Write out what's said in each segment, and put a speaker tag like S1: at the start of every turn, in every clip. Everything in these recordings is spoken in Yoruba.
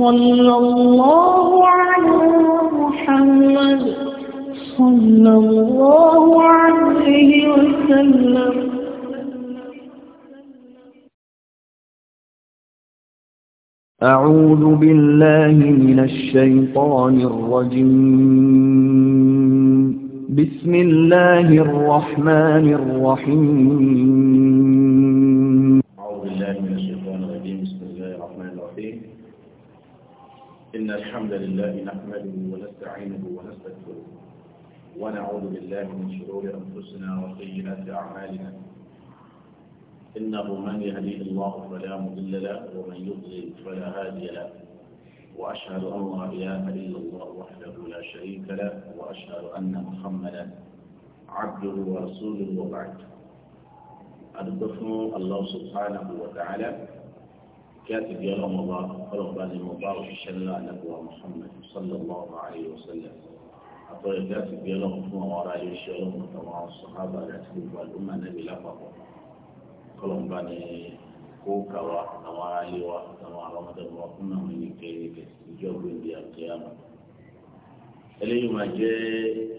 S1: صلى الله على محمد صلى الله عليه وسلم أعوذ بالله من الشيطان الرجيم بسم الله الرحمن الرحيم إن الحمد لله نحمده ونستعينه ونستغفره ونعوذ بالله من شرور أنفسنا وسيئات أعمالنا إنه من يهديه الله فلا مضل له ومن يضلل فلا هادي له وأشهد أن لا إله إلا الله وحده لا شريك له وأشهد أن محمدا عبده ورسوله وبعد أدركه الله سبحانه وتعالى kí a ti di ọlọ́mọ bá ọlọ́mọ bá ní mo bá òṣìṣẹ́ ńlá àlẹ́kùwà Muhammad sallallahu alayhi wa sallam àtọ́rẹ̀ kí a ti di ọlọ́mọ fún àwọn ará yóò ṣe ọlọ́mọ tàwọn sọ̀hábà àti gbogbo àlùmọ̀ nẹ́bí lápapọ̀ ọlọ́mọ bá ní kó kàwa àwọn ará yé wa àwọn àlọ́mọdébọ̀ wa fún àwọn ẹni kéèké ìjọ gbòǹdì àti àmọ́ eléyìí máa jẹ́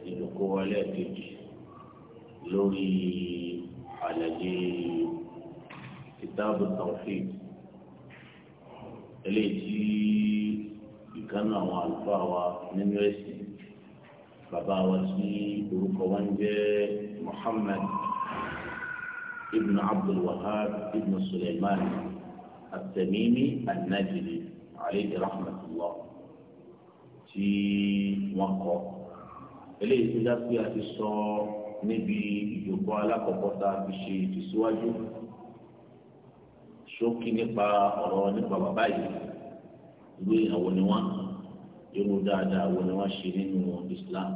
S1: ìdókò wọlé kejì lórí àlàyé kìtàbù tawhid eléyìí tí ìkànnì àwọn àlùfáà wa nínú ẹ̀sìn bàbá wa tí orúkọ wa ń jẹ́ Muhammad ibn Abdul Wahhab ibn Sulaiman at-Tamimi an-Najdi alayhi rahmatullah tí wọ́n kọ eléyìí tí dákúyà ti sọ níbi ìjókòó alákọ̀ọ́kọ́ fi ṣe ìtìsíwájú ṣókí nípa ọ̀rọ̀ nípa bàbá yìí ìwé ìyàwó ni wọ́n irú dáadáa wo ni wọ́n ṣe nínú Islam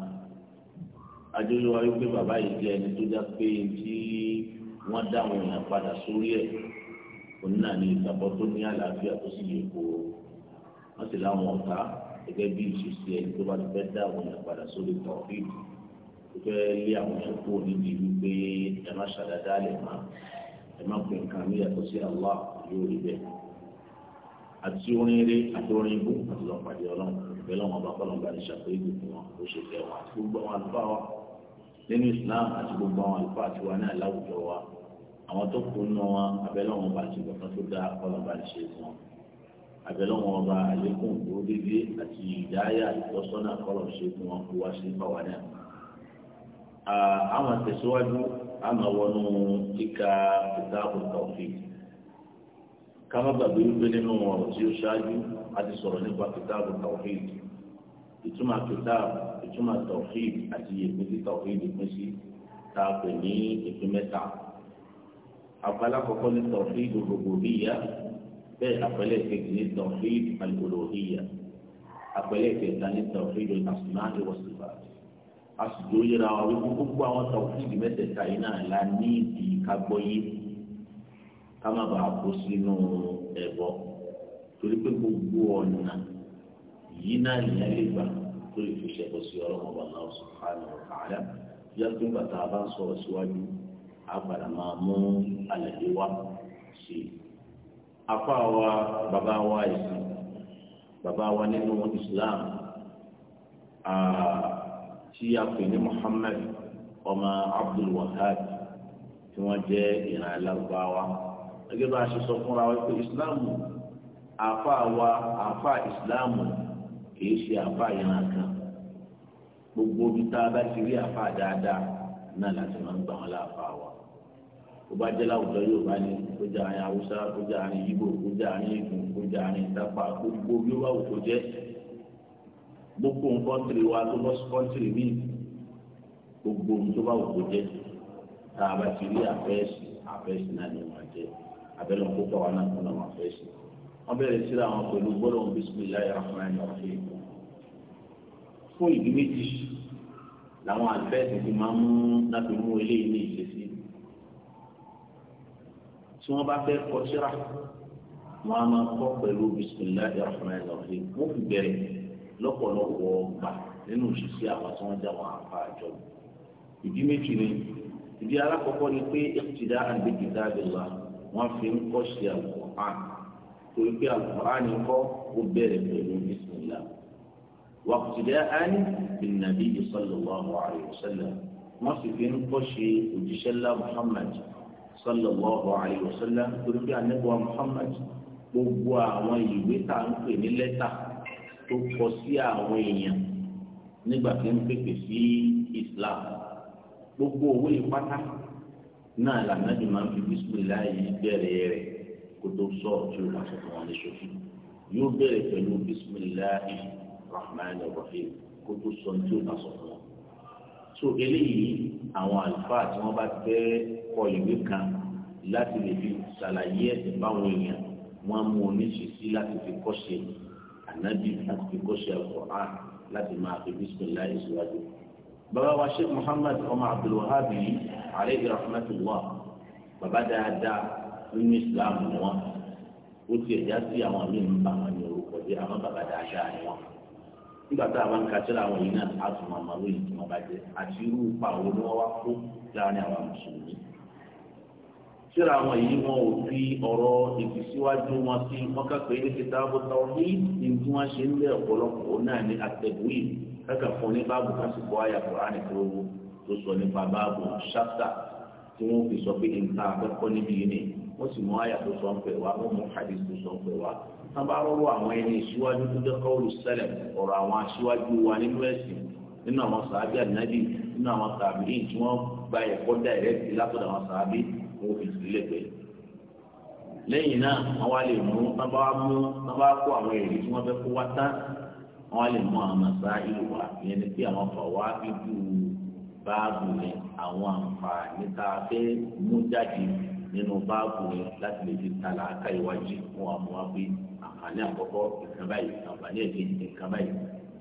S1: adúlọ wa wípé bàbá yìí jẹ́ ẹni tó dá pé tí wọ́n dá àwọn èèyàn padà sórí ẹ̀ òun náà ní ìgbàgbọ́ tó ní àlàáfíà tó sì yẹ kó wọ́n sì láwọn ọ̀tá gẹ́gẹ́ bí ìṣesí ẹni tó bá ti fẹ́ dá àwọn èèyàn padà sórí tọ̀fíìdì tó fẹ́ lé àwọn èèyàn kúrò níbi wípé ẹ má ṣàdádá lè má ẹ má pè nǹkan mí yàtọ̀ sí Allah yóò rí bẹ́ẹ̀ àti orin eré àti orin ibú àti lọ́pàdé ọlọ́run bẹ́ẹ̀ lọ́wọ́n bá kọ́ lọ́gbà ní ṣàpèjì fún wọn ó ṣe tẹ̀ wọn àti gbogbo àwọn àlùfáà wa nínú Islam àti gbogbo àwọn àlùfáà tiwa náà láwùjọ wa àwọn tó kù nù wọn abẹ́lẹ́ wọn bá ti gbọ̀ngàn tó dáa kọ́ lọ́gbà ní ṣe fún wọn abẹ́lẹ́ wọn bá àlékún ìdúró dédé àti ìdáyà ìtọ́sọ́nà kọ́ lọ́ ṣe fún wọn kó wá sí báwa náà àwọn àtẹ̀síwájú àmàwọnú kíka ìtaàbù kámá gbàgbé wípé nínú ọ̀rọ̀ tí ó ṣáájú a ti sọ̀rọ̀ nípa kìtáàbù tawhid ìtumọ̀ kìtáàbù ìtumọ̀ tawhid àti ìpín tí tawhid pín sí tá a pè ní ìpín mẹ́ta àpẹẹlẹ àkọ́kọ́ ní tawhid rububiyya bẹ́ẹ̀ àpẹẹlẹ kejì ní tawhid al-uluhiyya àpẹẹlẹ kẹta ní tawhid al-asma'i a sì dóyèrè àwọn wípé gbogbo àwọn tawhid mẹ́tẹ̀ẹ̀ta yìí náà la ní ìdí kagbọ́yé ká má bàa kó sínú ẹbọ torí pé gbogbo ọ̀nà yìí náà nìyẹn lè gbà tó lè fi ṣẹ̀kọ́ sí ọlọ́run ọba náà subhanahu wa ta'ala yá tó ń bàtà bá ń sọ̀rọ̀ síwájú àgbàdà máa mú àlàyé wá sí i. apá wa bàbá wa ìsìn bàbá wa nínú Islam tí a pè ní Muhammad ọmọ Abdul tí wọ́n jẹ́ ìran alágbáwá gẹ́gẹ́ bá a ṣe sọ fúnra wa pé ìsìláàmù àfa wa àfa ìsìláàmù kì í ṣe àfa ìran kan gbogbo ibi tá a bá ti rí àfa dáadáa náà láti máa ń gbà wọn láàfa wa ó bá jẹ́ láwùjọ Yorùbá ni kó jẹ́ àárín Haúsá kó jẹ́ àárín Yíbò kó jẹ́ àárín Ìgbò kó jẹ́ àárín Ìtàpá gbogbo bí ó bá wù kó jẹ́ gbogbo nkọ́ntìrì wa tó bọ́ sí kọ́ntìrì míì gbogbo ohun tó bá wù kó jẹ́ tá a bá ti rí àfẹ́sì àfẹ́sì náà ni wọ́n jẹ́ abẹ́lẹ̀ púpọ̀ wa náà fún àwọn àfẹ́sì wọ́n bẹ̀rẹ̀ sí àwọn pẹ̀lú gbọ́dọ̀ bisimilayi rahman rahim fún ìdí méjì làwọn àfẹ́sì ti máa ń mú láti mú eléyìí ní ìṣesí tí wọ́n bá fẹ́ kọ síra wọ́n á máa kọ́ pẹ̀lú bisimilayi rahman rahim wọ́n fi bẹ̀rẹ̀ lọ́pọ̀lọpọ̀ gbà nínú ìṣesí àwọn tí wọ́n já wọn àjọ ìdí méjì ni ìdí alákọ̀ọ́kọ́ ni pé iqtida'an bi kitabillah wọ́n fi ń kọ́ ṣe alukur'an torí pé alukur'an kọ́ ó bẹ̀rẹ̀ pẹ̀lú bisimilá wàkùtìdá ani bìnnàbí sallallahu alayhi wa sallam wọ́n sì fi ń kọ́ ṣe òjíṣẹ́ ńlá muhammad sallallahu alayhi wa sallam torí pé anabiwa muhammad gbogbo àwọn ìwé tá à ń pè ní lẹ́tà tó kọ sí àwọn èèyàn nígbà tí ń pèpè sí islam gbogbo òwe ìpátá náà làmẹ́dì máa ń fi bísímìlá yìí bẹ̀rẹ̀ rẹ̀ kó tó sọ tí o máa sọ fún wọn ní sọ́fì yóò bẹ̀rẹ̀ pẹ̀lú bísímìlá yìí rahman rahim kó tó sọ tí o máa sọ fún wọn. so eléyìí àwọn àlùfáà tí wọ́n bá fẹ́ kọ ìwé kan láti lè fi ṣàlàyé ẹ̀sìn báwọn èèyàn wọ́n mú oníṣìṣí láti fi kọ́ ṣe ànábì láti fi kọ́ ṣe àkọ́rá láti máa fi bísímìlá yìí síwájú bàbá wa sheikh muhammad ọmọ abdulwahabi aleyhi rahmatulah bàbá dáadáa nínú islam ni wọn ó tiẹ̀ já sí àwọn míì ń bá wọn ní orúkọ jẹ́ àwọn bàbá dáadáa ni wọn nígbà tá a bá ń ka sílẹ̀ àwọn yìí náà a tún máa máa lóyún tí wọ́n bá jẹ àti irú ipa wo ni wọ́n láàrin àwọn mùsùlùmí. sílẹ̀ àwọn yìí wọn ò fi ọ̀rọ̀ ìfisíwájú wọn sí wọ́n kà pé ní kìtàbù tàwọn ní ní tí ń lé ọ̀pọ̀lọpọ̀ náà ní àtẹ̀wé kankan fún ní báàbù kan sì bọ́ àyà kùránì tó tó sọ nípa báàbù ṣáfítà tí wọ́n fi sọ pé nǹkan akẹ́kọ̀ọ́ níbi yìí ni wọ́n sì mú àyà tó sọ ń pè wá wọ́n mú hadith tó sọ ń pè wá. wọ́n bá rọ́rọ́ àwọn ẹni ìṣíwájú tó dẹ́kọ́ olùsẹ́lẹ̀ ọ̀rọ̀ àwọn aṣíwájú wa nínú ẹ̀sìn nínú àwọn sàábì ànábì nínú àwọn sàábì tí wọ́n gba ẹ̀kọ́ dàìrẹ́tì látọ̀dọ̀ àwọn sàábì wọ́n fi sílẹ̀ pẹ̀lú lẹ́yìn náà wọ́n wá lè mú wọ́n bá mú kó àwọn èrè tí wọ́n fẹ́ kó wá tán wọ́n lè mú àwọn àṣà ìwà yẹn ni pé àwọn fàwa bíbú báàbù yẹn àwọn àǹfààní tá a fẹ́ mú jáde nínú báàbù yẹn láti lè fi ta làákà ìwájú fún àwọn àbí àǹfààní àkọ́kọ́ nǹkan báyìí àǹfààní ẹ̀kejì nǹkan báyìí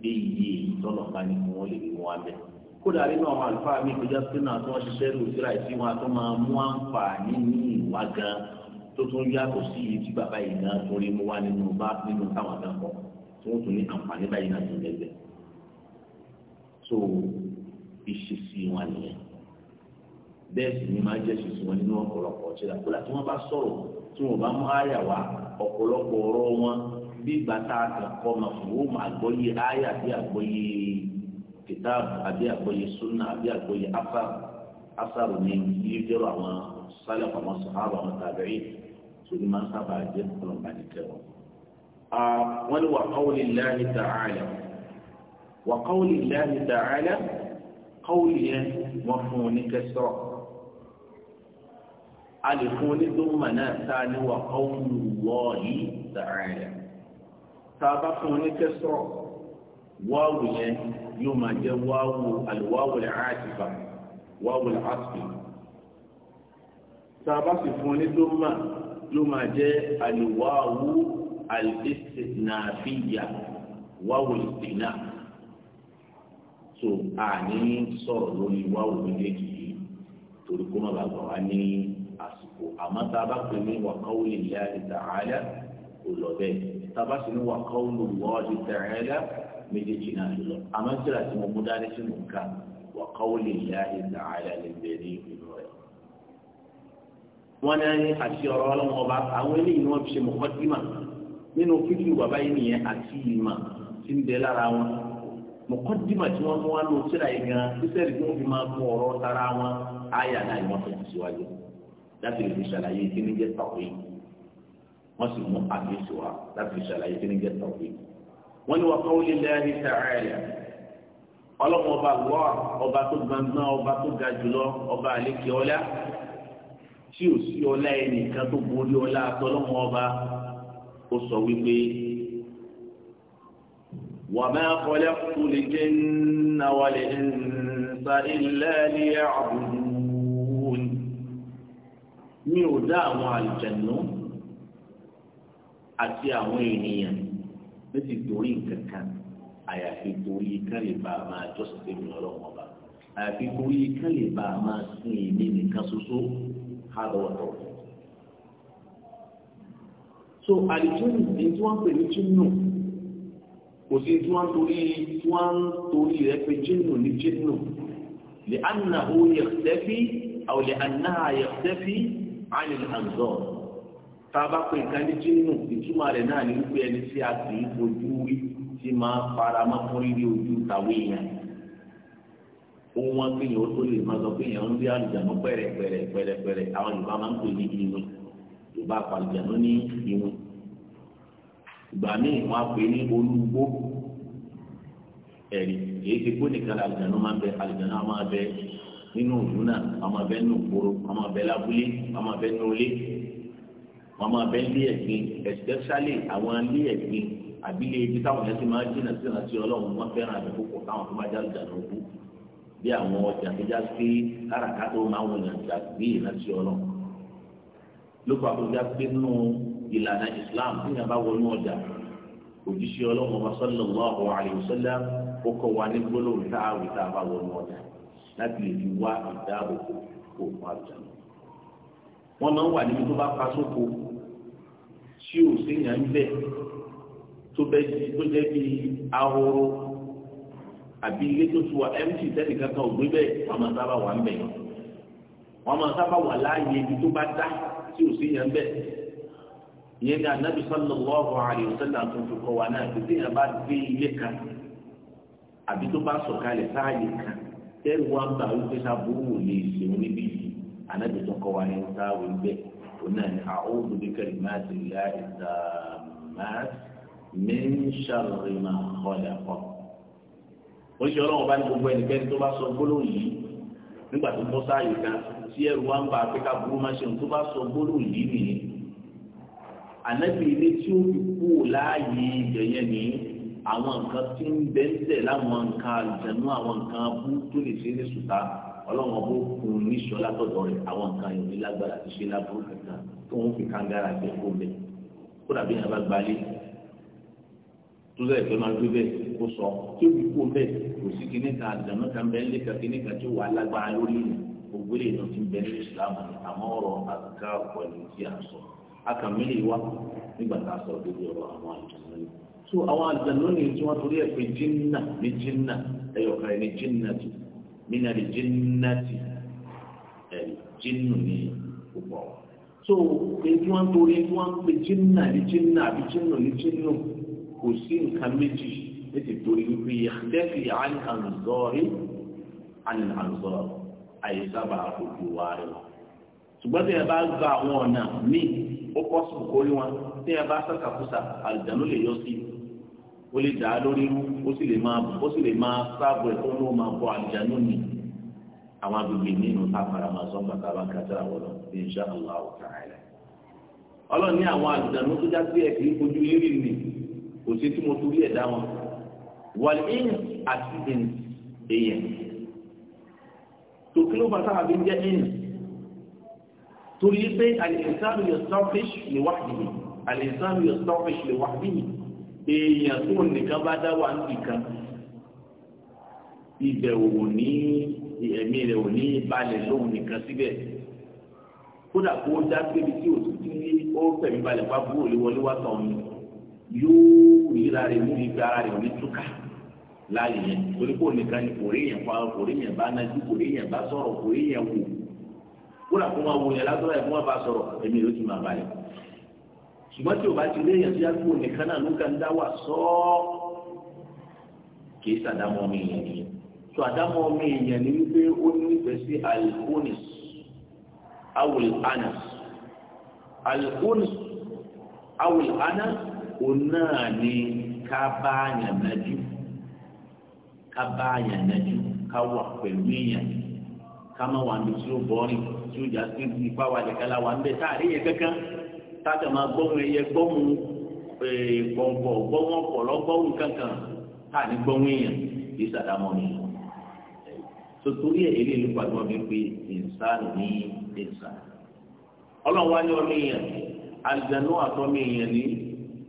S1: bí iye ìtọ́nà bá ní kí wọ́n lè mú wa bẹ́ẹ̀ kódà nínú àwọn àlùfáà mi kọjá sínú àti wọn ṣiṣẹ́ lù síra ìsí wọn àti wọn mú àǹfààní ní ìwà gan tó tún yàtọ̀ sí iye tí bàbá yìí náà torí mú wa nínú bá nínú táwọn gan kọ̀ọ̀kan tí wọ́n tún ní àǹfààní báyìí náà tún lẹ́gbẹ̀ẹ́ so ìṣesí wọn nìyẹn bẹ́ẹ̀ sì ni máa jẹ́ ìṣesí wọn nínú ọ̀pọ̀lọpọ̀ ọ̀ṣẹ́dá kódà tí wọ́n bá sọ̀rọ̀ tí wọ́n bá mú àyà wá ọ̀pọ̀lọpọ̀ ọ̀rọ̀ wọn bí ìgbà tá a kàn kọ́ máa fún wọn àgbọ́yé àyà bí àgbọ́yé kìtáàbù àbí àgbọ́yé súnà àbí àgbọ́yé afárù afárù ni yíyọrọ àwọn sálẹ̀ àwọn sàhábà àwọn tàbí ṣùgbọ́n máa ń sábà jẹ́ ọlọ́mọdé wọ́n wà kọ́wùlì láàrin tààlà wà kọ́wùlì láàrin tààlà kọ́wùlì yẹn wọ́n fún un ní kẹsọ́ a lè fún un ní tó mọ̀ náà tá a ní wà kọ́wùlù wọ́ọ̀lì tààlà tá a bá fún un ní kẹsọ́ wáwù yẹn yóò máa jẹ́ wáwù àlùwáwù làásìfà wáwù làásìfà tá a bá sì fún un ní tó mọ̀ yóò máa jẹ́ àlùwáwù. al-istithnafiya wáwò ìsìnà tó àní sọ̀rọ̀ lórí wáwò méjèèjì yìí torí kó má bàa gbà wá ní àsìkò àmọ́ tá a bá pè ní wa qawli Allahi ta'ala kò lọ bẹ́ẹ̀ tá a bá sì ní wa qawlu Allahi méjèèjì náà ló lọ àmọ́ síra tí mo mú dání sí mò ń ká wa qawli Allahi ta'ala ìlú rẹ̀ wọ́n ní àti ọ̀rọ̀ ọlọ́wọ́ àwọn eléyìí ni wọ́n fi ṣe mọ̀kọ́dímà nínú fífi bàbá yìí nìyẹn àti ìmọ̀ tí ń bẹ lára wọn mọ̀kọ́dìmọ̀ tí wọ́n mú wá ló síra yìí gan sísẹ́rì tí wọ́n fi máa kó ọ̀rọ̀ tara wọn àyà náà ni wọ́n fẹ́ ti síwájú láti lè fi ṣàlàyé kí ní jẹ́ tàwé wọ́n sì mú àgbèsè wa láti fi ṣàlàyé kí ní jẹ́ tàwé wọ́n ní wà kọ́ wọlé lẹ́yìn sàrẹ́lẹ̀ ọlọ́run ọba wọ́ ọba tó gbangban ọba tó ga ó sọ wípé wa ma khalaqtul jinna wal insa illa liya'budun mi ò dá àwọn àlùjànnú àti àwọn ènìyàn ló ti torí nǹkan kan àyàfi torí kan lè bá a máa jọ́sìn tèmi ọlọ́run ọba àyàfi torí kan lè bá a máa sin èmi nìkan ṣoṣo hádọ́wọ́tọ̀ so àdìtúnù ní tí wọ́n pè ní jínù kò sí tí wọ́n torí tí wọ́n torí rẹ̀ pé jínù ní jínù lè anna ó yẹ tẹ́fí àwọn lè anna yẹ tẹ́fí àyìn àǹzọ́ tá a bá pè nǹkan ní jínù ìtumọ̀ rẹ̀ náà ní wípé ẹni tí a sì ń fojú rí tí máa fara mọ́ fún rírí ojú tàwé yẹn ohun wọn kéèyàn ó tó lè máa sọ pé èèyàn ń rí àlùjáde pẹ̀rẹ̀pẹ̀rẹ̀ pẹ̀rẹ̀pẹ̀rẹ̀ àwọn Yorùbá máa ń pè ní ìlú ìbá àpàlùjànú ní irun ìgbà míì wọn á pè ní olúgbó ẹ̀rí èyí ti gbó nìkan àlùjànú máa ń bẹ àlùjànú máa bẹ nínú ìlú náà wọn máa bẹ nínú ìgboro wọn máa lábúlé wọn máa nínú ilé wọn máa bẹ nílé ẹ̀gbin especially àwọn ilé ẹ̀gbin àbílẹ̀ ibi táwọn yẹn ti máa jìnnà sí ọ̀nà tí ọlọ́run wọn fẹ́ràn àbẹ̀ púpọ̀ táwọn tó máa já lùjà lóko bí àwọn ọjà tó já sí káràkátó máa wọ̀nyàn jà bí ìrántí ọlọ́run ló fà kó jáde nù ìlànà islam tí yàrá wọnú ọjà òjíṣẹ́ ọlọ́run ọba sallallahu alaihi wasallam ó kọ́ wa ní gbólóhùn tá a wì tá a bá wọnú ọjà láti lè fi wá ìdáàbòbò òfin àjà wọn máa ń wà níbi tó bá pa sóko tí ò séèyàn ń bẹ tó bẹ tó jẹ bí ahoro àbí ilé tó tu wa mt sẹ́ni kankan ò máa sábà wà ń bẹ̀ wọn máa sábà wà láàyè ibi tó bá dá tí ò sí yẹn bẹ́ẹ̀ ìyẹn ní anabi sallallahu alayhi wa sallam tó fi kọ́ wa náà pé tí yẹn bá dé ilé kan àbí tó bá sọ̀kalẹ̀ sáàyè kan tẹ́rù wa ń bá wípé sábúrú ò lè ṣe wọn níbí yìí anabi tó kọ́ wa ní sáàwé bẹ́ẹ̀ òun náà ní a'udhu bi kalimati llahi tammati min sharri ma khalaqa. ó ṣe ọlọ́run bá ní gbogbo ẹnikẹ́ni tó bá sọ gbólóhùn yìí nígbà tó bọ́ sáàyè kan tí ẹrù wa ń ba àfíkà burú máa ṣe tó bá sọ gbólóhùn yìí nìyí ànábì ilé tí ó fi kú láàyè ìjẹyẹ ní àwọn nǹkan tí ń bẹ́ńtẹ̀ láwọn nǹkan àjẹnú àwọn nǹkan bú tó lè ṣe ní sùtá ọlọ́run ọbọ̀ kùn níṣọ́ látọ̀dọ̀ rẹ̀ àwọn nǹkan yìí ní lágbára ti ṣe láburú kankan tó ń fi kángára jẹ kó bẹ̀ kó dàbí yàrá gbalẹ̀ tó sẹ́yìn tó máa gbé bẹ́ẹ̀ kó sọ tí ó fi kó bẹ́ẹ̀ kò sí kíní kan àdánù kan bẹ́ẹ̀ lé kan kíní kan tí wàá lágbára lórí ni gbogbo èèyàn ti bẹ ní Islam àmọ́ ọ̀rọ̀ àgbà pẹ̀lú tí a sọ akàmílì wa nígbà tá a sọ lórí ọ̀rọ̀ àwọn àdánù ni so àwọn àdánù ni tí wọ́n torí ẹ̀ pé jìnnà ní jìnnà ẹ̀yọ̀kan ẹni jìnnà ti nínú ẹni jìnnà ti ẹ̀ jìnnù ni gbogbo àwọn èyí tí wọ́n torí tí wọ́n pe jìnnà ní jìnnà àbí jìnnù ní jìnnù kò sí nǹkan méjì létí torí wípé yẹ̀kẹ́fì àní àlùzọ́ọ̀rí àní àlùzọ́ọ̀rí àyè sábà ojú wa rẹ̀ wọ̀. ṣùgbọ́n tí ẹ bá gba àwọn ọ̀nà míì ó pọ̀ sí kórí wọn tí ẹ bá sàkàkùsà àlùdánù lè yọ sí ó lè dà á lórí rú ó sì lè máa ó sì lè máa sáàbù ẹ̀ tó ló máa bọ àlùdánù nì àwọn agbègbè nínú tá máa sọ bàtà bá kàtà àwọn lọ insha Allah ta'ala ọlọ́run àwọn àlùdánù tó já sí ẹ̀ kì í fojú lérí nìyí ṣe tí mo torí ẹ̀dá wọn wal ins àti ins èèyàn tòkí ló bá sábà fi ń jẹ́ ins torí pé al-insanu yastafish li wahdihi al-insanu yastafish li wahdihi èèyàn tó nìkan bá dá wà nìkan ibẹ̀ ò ní ẹ̀mí rẹ̀ ò ní balẹ̀ lóhun nìkan síbẹ̀ kódà kó dá pébi tí òtútù ní ó fẹ̀mí balẹ̀ pa búrò lé wọlé wá tán ni yóò ríra rẹ̀ mú ibi ara rẹ̀ ní túkà láàyè yẹn torí kò nìkan ni kò rí yẹn pa kò rí yẹn bá nájú kò rí yẹn bá sọ̀rọ̀ kò rí yẹn wò kódà kó máa wò yẹn lásọ̀rọ̀ yẹn kó máa bá sọ̀rọ̀ èmi ló ti máa bá yẹn ṣùgbọ́n tí o bá ti rí yẹn tí a kó nìkan náà ló kàn dá wà sọ́ọ́ kì sàdámọ́ ọmọ èèyàn nìyẹn tó àdámọ́ ọmọ èèyàn ni wípé ó nífẹ̀ẹ́ sí alkonis awul anas alkonis awul anas. òun náà ni ká bá àyàn nájú ká bá àyàn nájú ká wà pẹ̀lú èèyàn ká má wà ní tí ó bọ́rin tí ó jà sí ipá wa lẹ́ka la wà ń bẹ yẹn kankan táàtà máa gbọ́mù ẹyẹ gbọ́mù pọ̀npọ̀ gbọ́mù ọ̀pọ̀lọ́ gbọ́mù kankan táàní gbọ́mù èèyàn kì sàdámọ́ ẹ̀ ìlú pàdé wọn bí pé ní ọlọ́run wá ní ọmọ èèyàn àtọ́mọ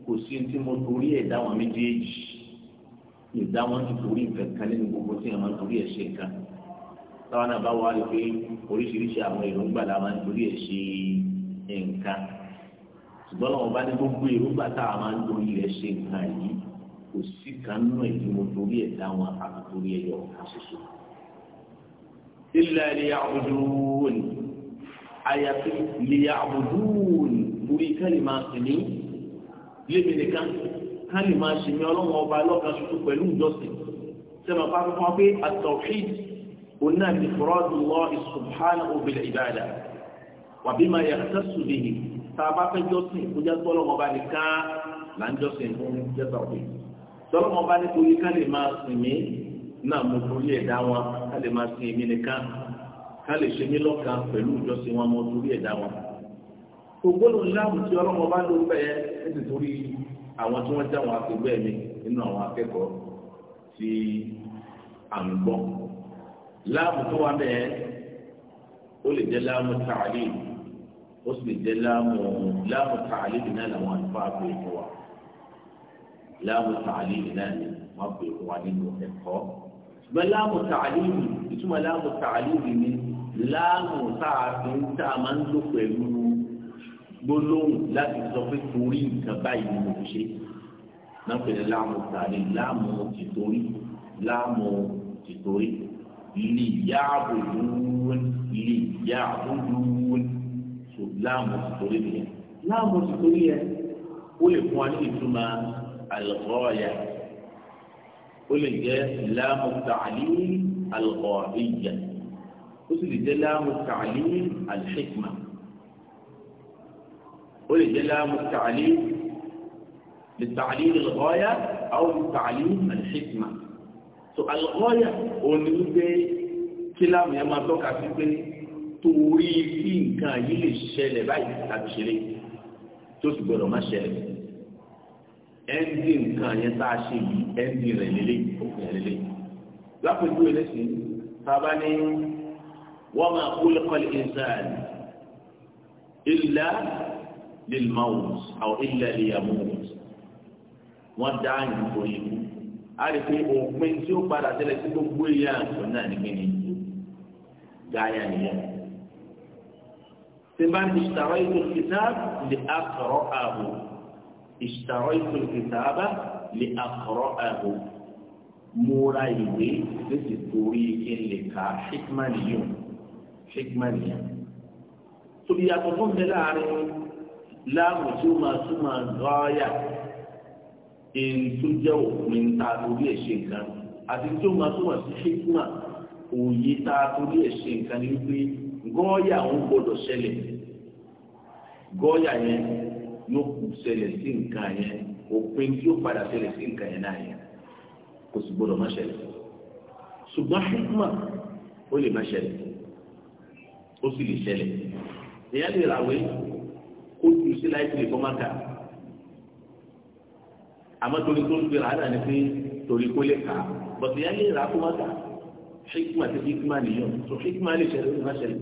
S1: kò sí tí mo torí ẹ̀ dá wọn méjèèjì ìdá wọn ti torí nǹkan kan nínú gbogbo tí wọn máa torí ẹ̀ ṣe nǹkan táwọn náà bá wà lè pé oríṣiríṣi àwọn èròǹgbà la máa ń torí ẹ̀ ṣe nǹkan ṣùgbọ́n làwọn bá ní gbogbo èròǹgbà tá a máa ń torí ẹ̀ ṣe nǹkan yìí kò sí kan nínú ẹ̀ tí mo torí ẹ̀ dá wọn àti torí ẹ̀ yọ ọ̀kan ṣoṣo. ilẹ̀ ni àbùdó wò ní lémi nìkan ká lè máa ṣèmi ọlọ́run ọba lọ́kan ṣoṣo pẹ̀lú ìjọsìn sẹ́mi ọ̀pá fún wa pé at-tawhid òun náà ti furadu Allahi subhanahu bil ibada wa bima yahtassu bihi tá a bá fẹ́ jọ́sìn kó jẹ́ pé ọlọ́run ọba nìkan là ń jọ́sìn fún jẹ́ tawhid tọ́lọ́mọ bá ní torí ká lè máa sìn mí náà mo torí ẹ̀dá wọn ká lè máa sìn mí nìkan ká lè ṣe mí lọ́kàn pẹ̀lú ìjọsìn wọn mo torí ẹ̀dá wọn ògbóló láàmù tí ọlọ́mọ bá ló bẹ̀ ẹ́ ẹ̀sìn torí àwọn tí wọ́n já wọn akẹgbẹ́ mi nínú àwọn akẹ́kọ̀ọ́ tí à ń gbọ́ láàmù tó wà bẹ́ẹ̀ ó lè jẹ́ láàmù tààlì ó sì lè jẹ́ láàmù láàmù tààlì nínú àwọn àlùfáà àgbè fún wa láàmù tààlì nínú àwọn àgbè fún wa nínú ẹ̀kọ́ ṣùgbọ́n láàmù tààlì ìtumọ̀ láàmù tààlì ni láàmù tá tá a máa ń lò pẹ̀lú gbólóhùn láti sọ pé torí nǹkan báyìí ni mo fi ṣe náà pèlè láàmú tàní láàmú tìtorí láàmú tìtorí lè yá àbòdúwọ́n lè yá àbòdúwọ́n tó láàmú tìtorí nìyẹn láàmú tìtorí yẹn ó lè fún wa ní ìtumọ̀ àlùkọ́ọ̀yà ó lè jẹ́ láàmú tàní àlùkọ́ọ̀yà ó sì lè jẹ́ láàmú tàní àlùhíkmà ó lè jẹ́ láàmú tààlí lè tààlí lọ́yà àwọn lè tààlí àlẹ́ṣẹ́kìmá so àlọ́yà òun ni wípé kí láàmú yẹn máa tọ́ka sí pé torí tí nǹkan yìí lè ṣẹlẹ̀ báyìí tàbí ṣeré tó sì gbọdọ̀ má ṣẹlẹ̀ ẹ́ndì nǹkan yẹn tá a ṣe yìí ẹ́ndì rẹ̀ lélẹ̀ òkè lélẹ̀ lápẹ̀jú ẹlẹ́sìn tábà ní wọ́n máa kó lẹ́kọ̀ọ́ ilẹ̀ ìsáàlì ìlà للموت أو إلا ليموت wọ́n dá àyìn torí ikú a lè pe òpin tí ó padà tẹ́lẹ̀ tí gbogbo ìyá àgbọn náà ní kíni gáyà nìyẹn. tí bá ní ìṣàrọ̀ ètò kitab lè akọ̀rọ̀ ààbò ìṣàrọ̀ ètò kitab lè akọ̀rọ̀ ààbò múra ìwé lẹ́sìn torí kí n lè ka hikman yìí hikman yìí. tóbi yàtọ̀ fún mi láàrin láàmù tí ó máa túmọ̀ gọ́ọ̀yà èyí tó jẹ́ òpin ta torí ẹ̀ ṣe nǹkan àti tí ó máa túmọ̀ sí hikma òye ta torí ẹ̀ ṣe nǹkan ni wípé gọ́ọ̀yà ń gbọ́dọ̀ ṣẹlẹ̀ gọ́ọ̀yà yẹn yóò kù ṣẹlẹ̀ sí nǹkan yẹn òpin tí ó padà ṣẹlẹ̀ sí nǹkan yẹn náà yẹn kò sì gbọ́dọ̀ má ṣẹlẹ̀ ṣùgbọ́n hikma ó lè má ṣẹlẹ̀ ó sì lè ṣẹlẹ̀ ìyá lè ràwé ó ju sí láìpẹ́ kọ́ má kà àmọ́ torí tó ń gbéra àdá ni pé torí kó lè kà á bọ̀dé yá lè rà kó má kà ṣékìmá ti ṣékìmá nìyọ tó ṣékìmá lè ṣẹlẹ̀ ó má ṣẹlẹ̀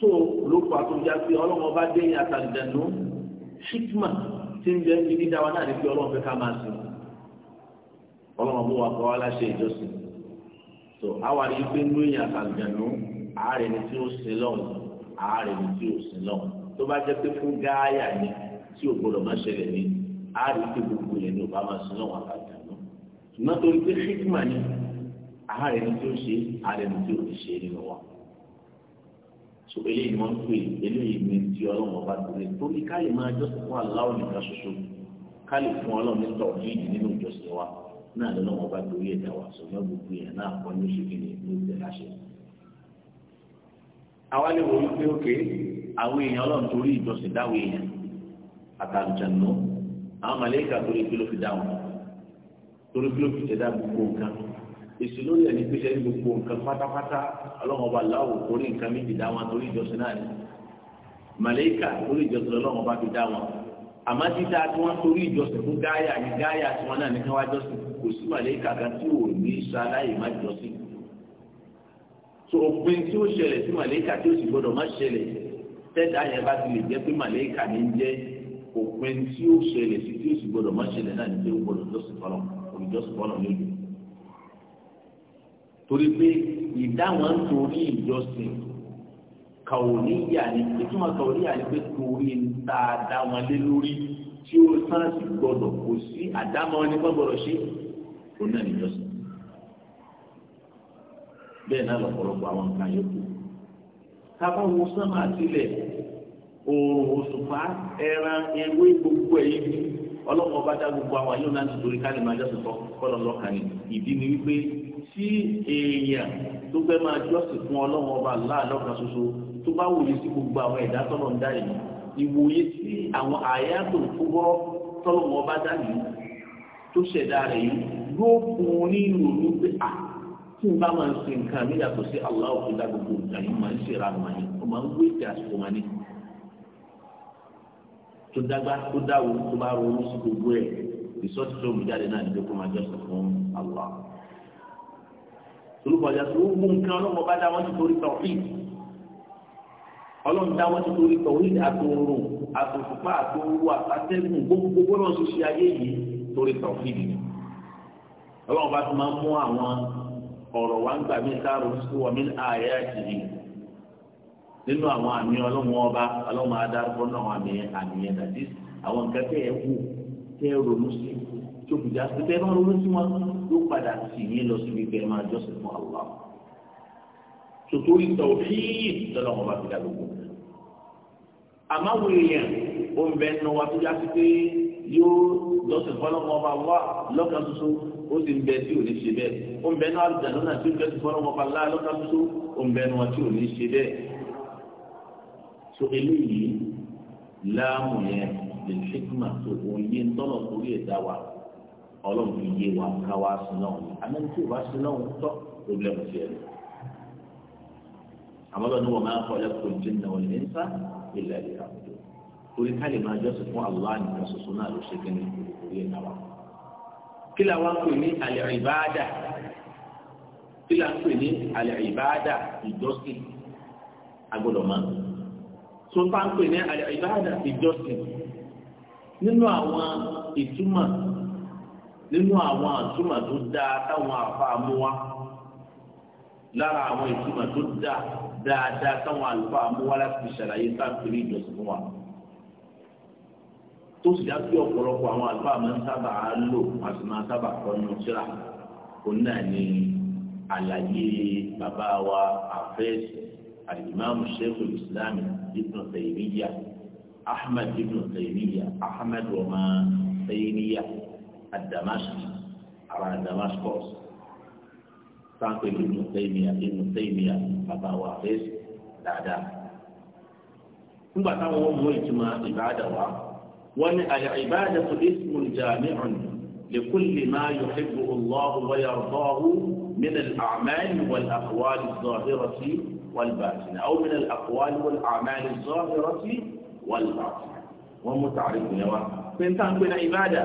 S1: tó ló pa tó já sí ọlọ́mọ bá dé àtàlìdànù ṣékìmá ti ń bẹ ní dídáwa náà ní pé ọlọ́mọ fẹ́ ká máa sìn ọlọ́mọ bó wa kọ́ wa láṣẹ ìjọsìn tó àwa rí i pé nú èèyàn àárẹ̀ ni tí ó ṣe lọ́wọ́ ààrẹ ni tí ò sí náà tó bá jẹ́ pé fún gááyà ni tí ò gbọdọ̀ má ṣẹlẹ̀ ni ààrẹ tí gbogbo yẹn ni ò bá máa sí náà wà bàjẹ́ náà ṣùgbọ́n torí pé hikma ni ààrẹ ni tí ó ṣe ààrẹ ni tí ò ní ṣe nínú wa so eléyìí ni wọ́n ń pè eléyìí ni ti ọlọ́run ọba tó lé torí ká lè máa jọ́sìn fún aláwọ̀ nìkan ṣoṣo ká lè fún ọlọ́run ní tọ̀ọ̀díìdì nínú ìjọsìn wa náà lọ́wọ́ ọba torí ẹ̀dá wa sọ̀rọ̀ àwa lè wòye pé òkè àwọn èèyàn ọlọ́run torí ìjọsìn dáwọ̀ èèyàn àtàlùjànú àwọn màlẹ́kà torí kí ló fi dáwọ̀ torí kí ló fi ṣẹ̀dá gbogbo nǹkan èsì lórí ẹni pé ṣe ní gbogbo nǹkan pátápátá ọlọ́run ọba láwò torí nǹkan méjì dá wọn torí ìjọsìn náà ni màlẹ́kà torí ìjọsìn ọlọ́run ọba fi dá wọn àmọ́ dídá tí wọ́n torí ìjọsìn fún gáyà ní gáyà tí wọ́n náà ní káwá jọ́sìn kò sí màlẹ́kà kan tí ò ní sáláì má jọ́sìn so òpin tí ó ṣẹlẹ̀ sí màlẹ́kà tí ó sì gbọ́dọ̀ má ṣẹlẹ̀ tẹ́tà yẹn bá ti lè jẹ́ pé màlẹ́kà ní ń jẹ́ òpin tí ó ṣẹlẹ̀ sí tí ó sì gbọ́dọ̀ má ṣẹlẹ̀ náà ní pé ó gbọ́dọ̀ jọ́sìn fọlọ́ olùjọ́sìn fọlọ́ ní òjò torí pé ìdáwọn ń torí ìjọsìn kàwọ́níyà ni ìtumọ̀ kàwọ́níyà ni pé torí ń ta àdáwọn lé lórí tí ó sáà sì gbọ́dọ̀ kò sí bẹ́ẹ̀ náà lọ́pọ̀lọpọ̀ àwọn nǹkan yòókù. kábà wo sánmà sílẹ̀ oòrùn òṣùpá ẹran ewé gbogbo ẹ̀ ibi ọlọ́mọ bá dá gbogbo àwọn yóò náà nítorí ká lè máa jọ́sìn fún kọ́lọ́ lọ́kàn ni ìdí ni wípé tí èèyàn tó fẹ́ máa jọ́sìn fún ọlọ́mọ ọba láàlọ́kan ṣoṣo tó bá wòye sí gbogbo àwọn ẹ̀dá tọ́lọ̀ ń dá yìí ìwòye sí àwọn àyà tó tọ́lọ̀ wọn dá yìí tó ṣẹ̀dá rẹ̀ yìí yóò fún un ní ìrònú pé à tí n bá máa ń ṣe nǹkan mi yàtọ̀ sí aláwọ̀ tó dá gbogbo nǹkan yìí máa ń ṣe ra màá yìí ó máa ń wé ìdí àsìkò màá ní. tó dágbá tó dáwọ tó bá ronú sí gbogbo ẹ̀ ìsọ́tí tó mú náà níbi kó máa jẹ́ sọ fún Allah. olùkọ́jà tó gbogbo nǹkan ọlọ́mọ bá dá wọ́n ti torí tawhid ọlọ́run dá wọ́n ti torí tawhid àtòrùn àtòfùpá àtòrùwà àtẹ́gùn gbogbo gbọ́dọ̀ ṣiṣẹ́ ayé yìí torí tawhid ọ̀rọ̀ wa ń gbà mí sáàrò sùkú wọ̀ mí ààyè àti yìí nínú àwọn àmì ọlọ́wọ́n ọba ọlọ́wọ́n adarúgbó náà àwọn àmì àmì yẹn dàdí àwọn nǹkan tẹ́ ẹ wù tẹ́ ẹ ronú sí tó kùjà sí tẹ́ ẹ náà ronú sí wọn ló padà sì yín lọ síbi bẹ́ẹ̀ máa jọ́sìn fún àwùwá tòtórí tòfíì tọ́lọ́wọ́n bá fi dàgbò àmọ́ àwọn èèyàn ó ń bẹ́ẹ̀ náà wá tó já sí pé yóò jọ́sìn fọ́lọ́wọ́n ọba wá lọ́kàn tuntun ó sì ń bẹ tí ò ní ṣe bẹ́ẹ̀ ó ń bẹ ní àlùjáde náà tí ó jẹ́ ti fọ́nrán ọmọ balá lọ́ka tó ó ń bẹ ní wọn tí ò ní ṣe bẹ́ẹ̀. so eléyìí láàmù yẹn lè ṣèkúmà tó òun yé ń tọ́nà torí ẹ̀dá wa ọlọ́run fi yé wa ká wá sí náà ni àmọ́ tí ò bá sí náà ń tọ́ problem ti ẹ̀ àmọ́ lọ́dún wọn máa ń kọ́ lẹ́kọ̀ọ́ jìnnà wọn ní nsá torí ká kí la wá ń pè ní àlẹ́ ìbáàdà kí la ń pè ní àlẹ́ ìbáàdà ìjọsìn agbọ́dọ̀ máa tó bá ń pè ní àlẹ́ ìbáàdà ìjọsìn nínú àwọn ìtumọ̀ nínú àwọn àtúmọ̀ tó dáa táwọn àfa mú wá lára àwọn ìtumọ̀ tó dáa dáadáa táwọn àlùfáà mú wá láti ṣàlàyé sáà pèrè ìjọsìn wa tó sì dá sí ọ̀pọ̀lọpọ̀ àwọn àlùfáà máa ń sábà lò àti máa sábà kọ́ nínú síra òun náà ni àlàyé bàbá wa àfẹ́sì alimami sheikh islam ibn taymiya ahmed ibn taymiya ahmed ọmọ taymiya adamaski ara damaskos sáńpẹ̀ ibn taymiya ibn taymiya bàbá wa àfẹ́sì dáadáa. nígbà táwọn ọmọ ìtumọ̀ ìbáàdà wa wọ́n ní al-ibadatu ismun jami'un likulli ma yuhibbu Allahu wa yardahu min al-a'mal wal aqwal az-zahirah wal batinah aw min al-aqwal wal a'mal az-zahirah wal batinah wọ́n mú tààrífù yẹn wá pé ń tàn pé na ìbádà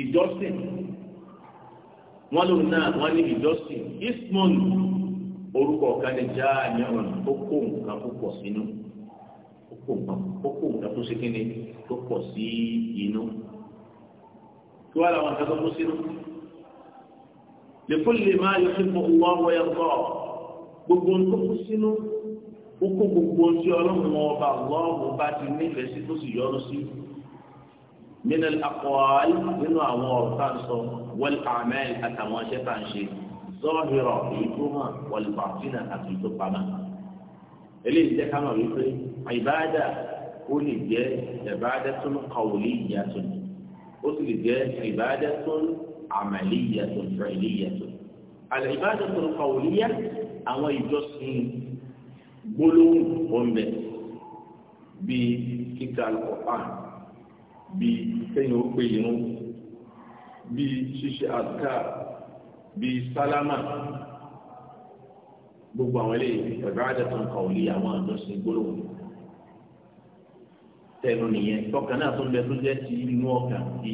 S1: ìjọsìn wọ́n lòun náà wọ́n ní ìjọsìn ismun orúkọ kó nǹkan ó kó nǹkan tó ṣe kíni tó pọ̀ sí inú kí wàá làwọn nǹkan tó kó sínú. lèkúlè máa yọ sí fún owó àwọn ẹ̀kọ́ gbogbo nǹkan tó sínú ó kó gbogbo ohun tí ọlọ́run ọba ọlọ́run bá ti nífẹ̀ẹ́ sí tó sì yọrù sí nínú àkọ́ọ́lì nínú àwọn ọ̀rọ̀ tá à ń sọ wọ́n àmẹ́ àtàwọn iṣẹ́ tá à ń ṣe zọ́ọ̀hìrọ̀ èyí tó hàn wọ́n lè bàtínà àti ìtòpamọ́ eléyìí jẹ́ ká mọ̀ wípé ìbáàdà ó lè jẹ́ ìbáàdà tó ń kọ òlì ìyàtọ̀ ó sì lè jẹ́ ìbáàdà tó ń àmàlì ìyàtọ̀ ìrẹ̀lì ìyàtọ̀ àlẹ́ tó ń kọ yá àwọn ìjọsìn gbólóhùn ọ̀nbẹ bíi kíkà alukọ̀pán bíi sẹ́yìn ó pé irun bíi ṣíṣe àdúrà bíi sálámà gbogbo àwọn eléyìí ìbáradà tó ń kọ òlì àwọn àjọṣe gbólóhùn tẹnu nìyẹn tọkàn náà tó ń bẹ tó jẹ ti inú ọkàn ti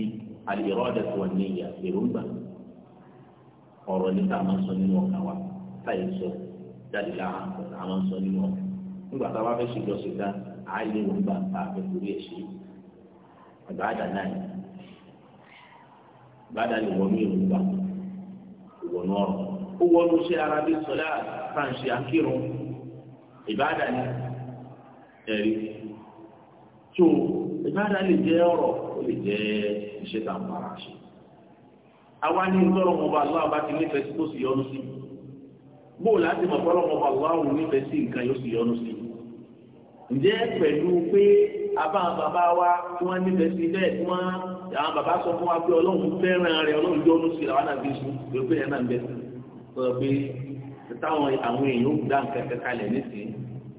S1: àlìrọ́dà tó wà ní ìyá èròǹgbà ọ̀rọ̀ níta máa ń sọ nínú ọkàn wa táyé sọ jáde lára a sọ nínú ọkàn nígbà tá fẹ́ ṣe ìjọsìn gan àá lè wọ́n fẹ́ torí ẹ̀ ṣe ìbáradà náà ìbáradà lè wọ́n èròǹgbà ó wọnú ṣe ara bí sọlá fàǹṣì àkírun ìbáàdà ni ẹ̀rí tó ìbáàdà lè jẹ́ ọ̀rọ̀ ó lè jẹ́ iṣẹ́ tá à ń bára ṣe. àwa ní ìtọ́rọ̀ wọn bá aláwọ̀ bá ti nífẹ̀ẹ́ sí tó sì yọnu sí bóò láti mọ̀ fọ́lọ́ wọn bá aláwọ̀ nífẹ̀ẹ́ sí nǹkan yóò sì yọnu sí. ǹjẹ́ pẹ̀lú pé abá bàbá wa tí wọ́n nífẹ̀ẹ́ sí bẹ́ẹ̀ tí wọ́n àwọn bàbá sọ fún wa pé ọlọ́run fẹ́ràn rẹ̀ ọlọ́run yọnu sí làwọn àbí sùn pé ó pè é náà sọ pé táwọn àwọn èèyàn ó dá nǹkan kẹta lẹ̀ nísìnyí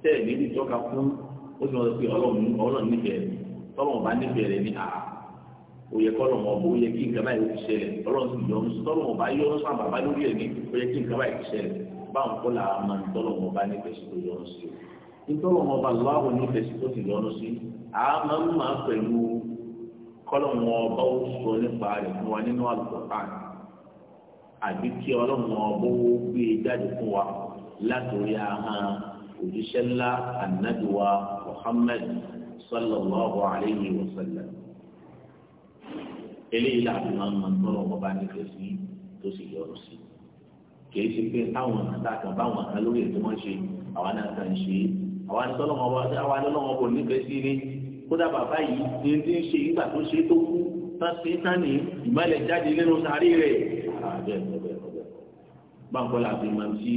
S1: tẹ́ẹ̀ ní ìdí ìjọka fún ó sì wọ́n sọ pé ọlọ́run ọlọ́run níbẹ̀rẹ̀ tọ́lọ́run bá níbẹ̀rẹ̀ ní àá ó yẹ kọ́lọ̀ wọn bó yẹ kí nǹkan báyìí ti ṣẹlẹ̀ ọlọ́run sì yọ tọ́lọ́run ọba yọ ọ́n sàn bàbá lórí ẹ̀ ní ó yẹ kí nǹkan báyìí ti ṣẹlẹ̀ báwọn kọ́ làá máa ń tọ́lọ́run ọba nífẹ̀ẹ́ sí sí tó yọ ọ́n sí àbí kí ọlọ́run ọbọ̀ wo gbé e jáde fún wa látòrí ahọ́n òjíṣẹ́ ńlá ànábìwá Muhammad sallallahu alayhi wa sallam. eléyìí láti máa ń mọ tọ́lọ̀ ọba nífẹ̀ẹ́ sí tó sì yọrù sí. kìí ṣe pé táwọn àtà kan báwọn kan lórí ètò wọn ṣe àwa náà kàn ṣe àwa ní tọ́lọ̀ ọba àwa ní ọlọ́run ọba sí ni kódà bàbá yìí ti ń ṣe ìgbà tó ṣe tó kú tán sí tán ní ìmọ̀lẹ̀ jáde nínú sàárì rẹ̀ Ah, bẹ́ẹ̀ kọ́ bẹ́ẹ̀ kọ́ bẹ́ẹ̀ kọ́ báńkọ́ la fi máa ti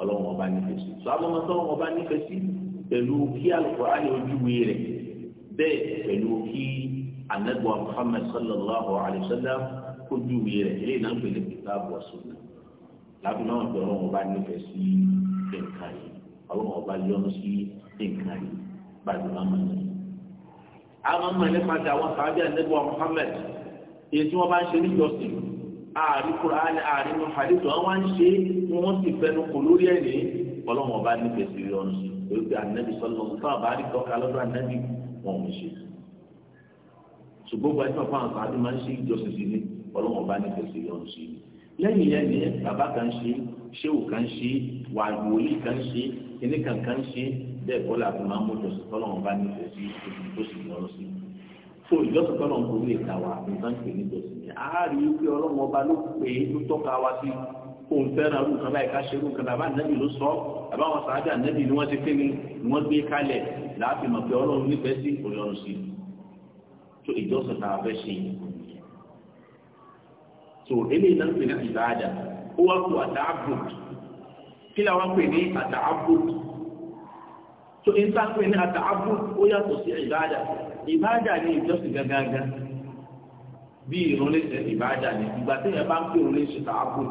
S1: ọlọ́run ọba nífẹ̀ẹ́ sí sọ abọ́mọ tó ọba nífẹ̀ẹ́ sí pẹ̀lú kí Al-Qur'an ojúwe rẹ̀ bẹ́ẹ̀ pẹ̀lú kí anagba Muhammad sallallahu alayhi wa sallam ojúwe rẹ̀ ilé náà pẹ̀lú kitab wa sunnah láti náà pẹ̀lú ọlọ́run ọba nífẹ̀ẹ́ sí nǹkan yìí ọlọ́run ọba yọ́nú sí nǹkan yìí báyìí máa mọ̀ ní. àwọn mọ̀ nípa ti àwọn sàájà anagba Muhammad èyí tí wọ́n bá ń ṣe níjọ́sìn ààrí kuraani ààrí nu hadith wọn wá ń ṣe wọn sì fẹnu kò lórí ẹ ní ọlọ́wọ́n ọba nífẹ̀ẹ́ sí ọ̀nà sí pé pé anabi sọlọ nípa àbárí tọ́ka lọ́dọ̀ anabi wọn ò ṣe ṣùgbọ́n gba ẹ̀fọ́ fáwọn sáà bí máa ń ṣe ìjọsìn sí ni ọlọ́wọ́n ọba nífẹ̀ẹ́ sí ọ̀nà sí lẹ́yìn yẹn ni bàbá kan ṣe ṣéwù kan ṣe wàlúwòlì kan ṣe kíníkan kan ṣe bẹ́ẹ̀ bọ́lá àti máa ń mú ìjọsìn tọ́lọ́wọ́n ọba nífẹ̀ẹ́ sí ìjọsìn tó sí i so ìjọsìn tọ́nà ń borí ẹ̀ka wa nǹkan pè ní ìjọsìn yẹn a rí i pé ọlọ́run ọba ló pè é ló tọ́ka wa sí òun fẹ́ràn irú kan báyìí ká ṣe irú kan bàbá ànábì ló sọ bàbá àwọn sàájà ànábì ni wọ́n ti pé ni wọ́n gbé kalẹ̀ láàfin mọ̀ pé ọlọ́run nífẹ̀ẹ́ sí òyọrùn sí so ìjọsìn tá a fẹ́ ṣe yìí so eléyìí náà pè ní ìbáàdà ó wá kú àtàbùd kí la wá pè ní àtàbùd so ìta pè ní àtàbùd ó yàtọ̀ sí ìbáàdà ìbáàdà ní ìjọsìn gágágá bí ìrun lẹ́sẹ̀ ìbáàdà ní ìgbà tí yẹn bá ń pè orin ṣe tààbù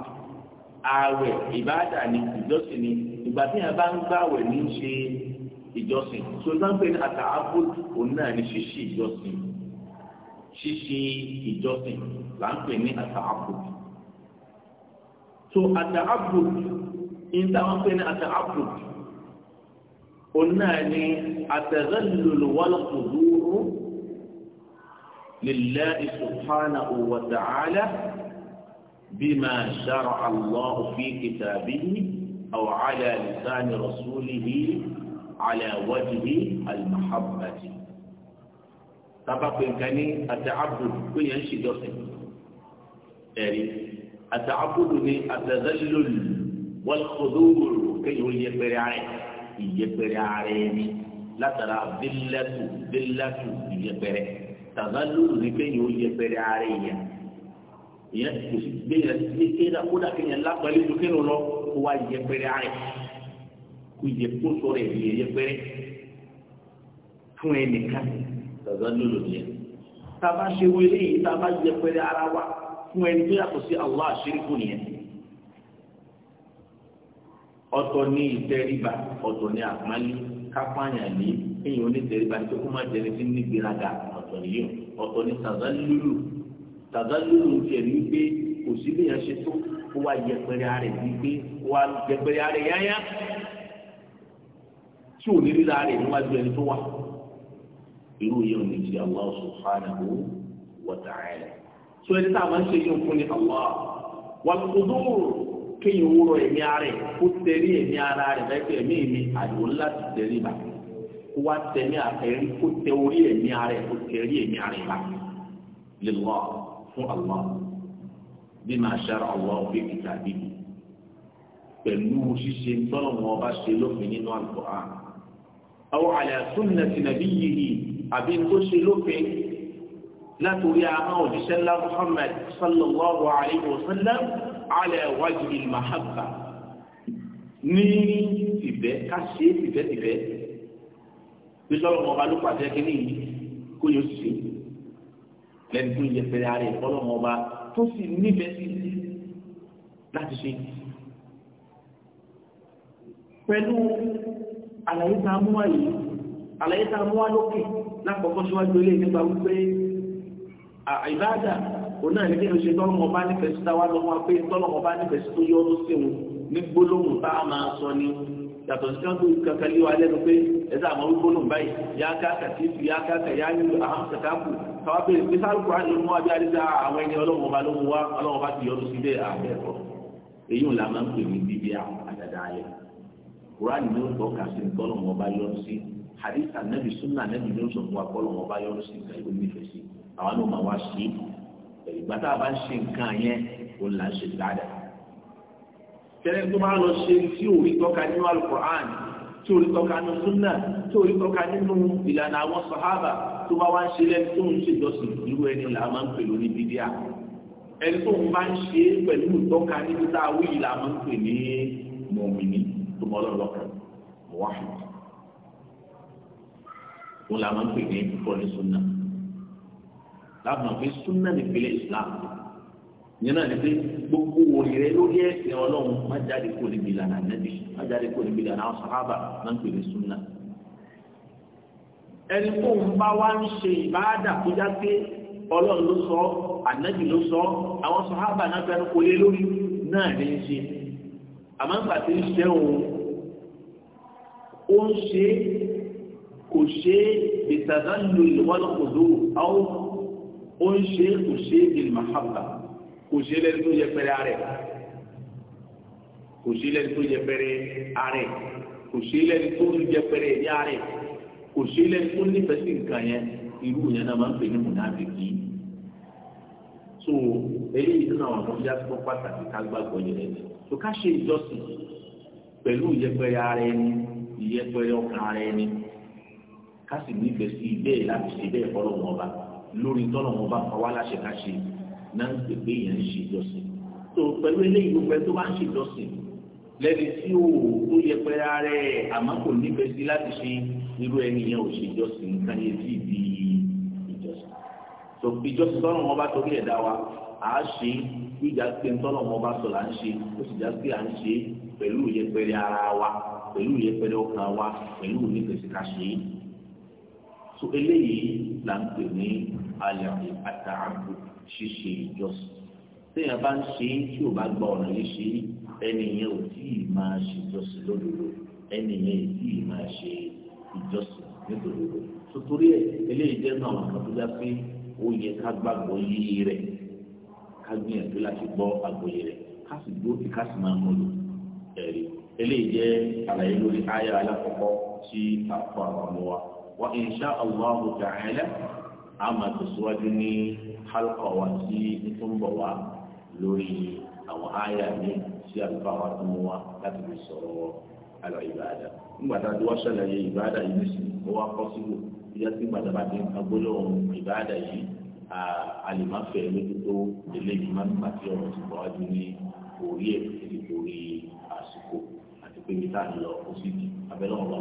S1: ààwẹ̀ ìbáàdà ní ìjọsìn ní ìgbà tí yẹn bá ń gbàwẹ̀ ní ṣe ìjọsìn tó ń pè ní àtààbù òun náà ní ṣíṣí ìjọsìn ṣíṣí ìjọsìn là ń pè ní àtààbù tó àtààbù ní táwọn pè ní àtààbù onáàni àtẹ̀rẹ́lùlù wàlùkùdúró lillahi subhanahu wa ta'ala bima shar'a Allahu fi kitabihi aw ala lisani rasulihi ala wajhi al-mahabbati tabapẹ nǹkan ní àtàbùdù pé yẹn ń ṣe dọ́sẹ̀ ẹ̀rí àtàbùdù ní àtẹ̀rẹ́lùlù wàlùkùdúró kéyìn ó yẹ ìyẹpẹrẹ ara ẹni látara bílẹ̀tù bílẹ̀tù ìyẹpẹrẹ tàbálù rí kéèyàn ó yẹpẹrẹ ara èèyàn ìyẹn kò sí gbé yẹn sí kéèyàn kódà kéèyàn lápẹ̀lẹ́ ju kéèyàn lọ kó wá yẹpẹrẹ ara kó yẹ kó sọ̀rọ̀ ẹ̀yẹ yẹpẹrẹ fún ẹnìkan tàbálù lò tàbá ṣe wọlé yìí tàbá yẹpẹrẹ ara wa fún ẹni tó yàtọ̀ sí àṣírí fún yẹn ọ̀tọ̀ ní ìtẹríba ọ̀tọ̀ ní àpọ́nlé kápáyàn ní kéèyàn onítẹríba tó kó má jẹni sí ní gbéraga ọ̀tọ̀ nìyí ọ̀tọ̀ ní tàzálúlù tàzálúlù tiẹ̀ ní pé kò sí bí yẹn ṣe tó kó wá yẹpẹrẹ ààrẹ ní pé kó wá yẹpẹrẹ ààrẹ yáyá tí ò ní rí ààrẹ níwájú ẹni tó wà irú yẹn ní ti Allah subhanahu wa ta'ala so ẹni tá a máa ń ṣe yẹn fún ni Allah wàlúkúdúró kéèyàn wúrọ ẹ̀mí ara ẹ̀ kó tẹ̀rí ẹ̀mí ara rẹ̀ lẹ́gbẹ̀ẹ́ ẹ̀mí mi àdìwò ńlá ti tẹ̀rí bá kó wá tẹ̀mí àtẹ̀rí kó tẹ orí ẹ̀mí ara ẹ̀ kó tẹ̀rí ẹ̀mí ara ẹ̀ bá lillah fún Allah bima shara Allah fi kitabihi pẹ̀lú ṣíṣe tọ́nà wọn bá ṣe lófin nínú Al-Qur'an aw ala sunnati nabiyyihi àbí tó ṣe lófin látòrí àwọn òjíṣẹ́ ńlá Muhammad sallallahu alayhi wa sallam alẹ́ wájú ìmàhàbà ní ìfẹ́ ká ṣe ìfẹ́tìfẹ́ bí sọ́lọ́mọ ọba ló pàṣẹ kínní kó yóò ṣe lẹ́nu tó yẹ fẹ́rẹ́ ara ẹ̀ fọ́lọ́mọ ọba tó sì nífẹ̀ẹ́ sí láti ṣe pẹ̀lú àlàyé tá a mú wá yìí àlàyé tá a mú wá lókè lápapọ̀ síwájú ilé nípa wípé àìbáàdà òun náà ní kí ló ṣe tọ́lọ́mọ bá nífẹ̀ẹ́ sí táwa lọ́wọ́ pé tọ́lọ́mọ bá nífẹ̀ẹ́ sí tó yọ ọdún sí òun ní gbólóhùn tá a máa sọ ni yàtọ̀ sí káńtó kankan lé wa lẹ́nu pé ẹ̀sẹ̀ àmọ́ gbólóhùn báyìí yá káàkà tí fi yá káàkà yá ní àwọn kàkàkù káwá pé pé sálùkù á lóun wá bí adídá àwọn ẹni ọlọ́wọ́n bá lóun wá ọlọ́wọ́n bá ti yọ ọdún sí bẹ́ẹ̀ àbẹ́ ẹ̀kọ́ gbàtà bá ń ṣe nǹkan yẹn òun là ń ṣe dáadáa. tẹ́lẹ̀ tó bá lọ ṣe tí ò rí tọ́ka nínú alukur'an tí ò rí tọ́ka nínú sunna tí ò rí tọ́ka nínú ìlànà àwọn sahaba tó bá wá ń ṣe lẹ́nu tó ń ṣèjọsìn irú ẹni là máa ń pè lórí bídíà ẹni tó ń bá ń ṣe pẹ̀lú ìtọ́ka nínú tá a wí là máa ń pè ní mọ̀mìnì tó mọ́ lọ́lọ́kan mọ̀wáhùn òun là máa ń pè ní fọ́nìṣúnà lábàá pé súnà nìpínlẹ̀ islam yẹn náà ni pé gbogbo òyìnbó lórí ẹ̀sìn ọlọ́run má jáde kó níbi ìlànà nẹ́bí má jáde kó níbi ìlànà sàhábà má ń pèlè súnà. ẹni kó ń bá wá ń ṣe ìbáàdà tó já pé ọlọ́run ló sọ ànábì ló sọ àwọn sàhábà náà fẹ́ẹ́ kó lé lórí náà ní ṣe àmọ́ ń gbà tí òun ó ń ṣe kò ṣe ìtàdánlò ìwọ́lọ́kòdó àwọn ó ń ṣe kò ṣe ìlmàhàbà kò ṣe lẹ́ni tó yẹpẹrẹ ààrẹ kò ṣe lẹ́ni tó yẹpẹrẹ ààrẹ kò ṣe lẹ́ni tó yẹpẹrẹ ẹ̀yà ààrẹ kò ṣe lẹ́ni tó nífẹ̀ẹ́ sí nǹkan yẹn irú yẹn náà máa ń pè ní mùnàfíkì so eléyìí nínú àwọn ọmọ yá tó pàtàkì ká gbàgbọ́ yẹn lẹ́nu tó ká ṣe ìjọsìn pẹ̀lú ìyẹpẹrẹ ààrẹ ni ìyẹpẹrẹ ọkàn ààrẹ ni ká sì nífẹ̀ẹ́ sí bẹ́ẹ̀ láti ṣe bẹ́ẹ̀ fọlọ́wọ́n lórí tọ́lọ̀ wọn bá fọwọ́ láṣẹ ká ṣe náà ń pè pé èèyàn ń ṣe ìjọsìn tó pẹ̀lú eléyìí gbogbo ẹ tó bá ń ṣe ìjọsìn lẹ́ni tí ò tó yẹ pé ara ẹ̀ àmọ́ kò nífẹ̀ẹ́ sí láti ṣe irú ẹni yẹn ò ṣe ìjọsìn nǹkan yẹn sì di ìjọsìn tó ìjọsìn tọ́lọ̀ bá torí ẹ̀dá wa à á ṣe ìjà pé tọ́lọ̀ bá sọ̀ là ń ṣe ó sì já pé à ń ṣe pẹ̀lú ìyẹpẹrẹ ara wa pẹ̀lú ìyẹpẹrẹ ọkàn so eléyìí là ń alẹ́ àtàkù ṣíṣe ìjọsìn téèyàn bá ń ṣe é tí ò bá gba ọ̀nà yìí ṣe é ẹni yẹn ò tí ì máa ṣe ìjọsìn lódodo ẹni yẹn ò tí ì máa ṣe ìjọsìn nítododo sotori ẹ eléyìí jẹ́ náà àwọn àbújá pé ó yẹ ká gbàgbọ́ yìí rẹ̀ ká gbìyànjú láti gbọ́ àgbọ́yé rẹ̀ ká sì gbó kí ká sì máa mú lò ẹ̀rí eléyìí jẹ́ àlàyé lórí àyà alákọ̀ọ́kọ́ tí àkọ́ àwọn ọmọ wa wa insha Allahu ta'ala a máa tẹ̀síwájú ní halqa wa sí ìtúnbọ̀ wa lórí àwọn àyà mi sí àlùfáà wa tó mú wa láti fi sọ̀rọ̀ àlọ́ ìbáadà. nígbà tá a ti wá ṣàlàyé ìbáadà yìí sí ó wá kọ́ síbò ìyá tí gbàdá bá ti ń ka gbólóhùn yìí àlìmáfẹ́ lójú eléyìí máa ń pàtí ọ̀rọ̀ tó bọ̀ wájú ní orí ẹ̀ ti orí àsìkò àti pé mi tá ń lọ ó sì di abẹ́lẹ́ ọ̀rọ̀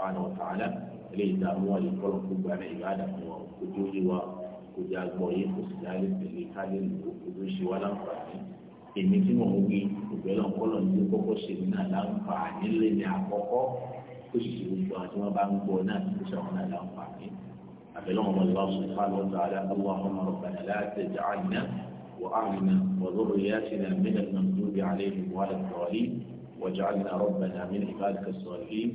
S1: Allah ilé ìdààmú ayé kọ́lọ̀ kó gba náà ìbáàdà fún wa kó tó yé wa kó jẹ́ agbọ̀ yé kó sì dá lè tẹ̀lé ká lè lò ó kó tó ṣe wá láǹfààní èmi tí mò ń wí òbẹ́lẹ̀ kọ́lọ̀ ní kọ́kọ́ ṣe mí náà láǹfààní lè ní àkọ́kọ́ kó sì ṣe gbogbo àwọn tí bá ń gbọ́ náà kó ṣe àwọn náà láǹfààní أبلغنا الله سبحانه وتعالى اللهم ربنا وذرياتنا من الممدود عليهم وعلى الضالين واجعلنا ربنا من عبادك الصالحين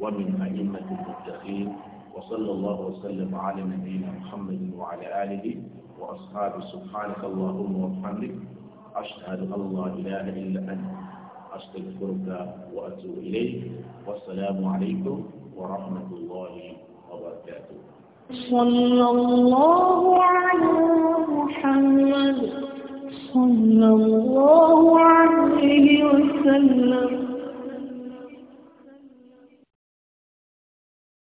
S1: ومن أئمة المتقين وصلى الله وسلم على نبينا محمد وعلى آله وأصحابه سبحانك اللهم وبحمدك أشهد أن لا إله إلا أنت أستغفرك وأتوب إليك والسلام عليكم ورحمة الله وبركاته صلى الله على محمد صلى الله عليه وسلم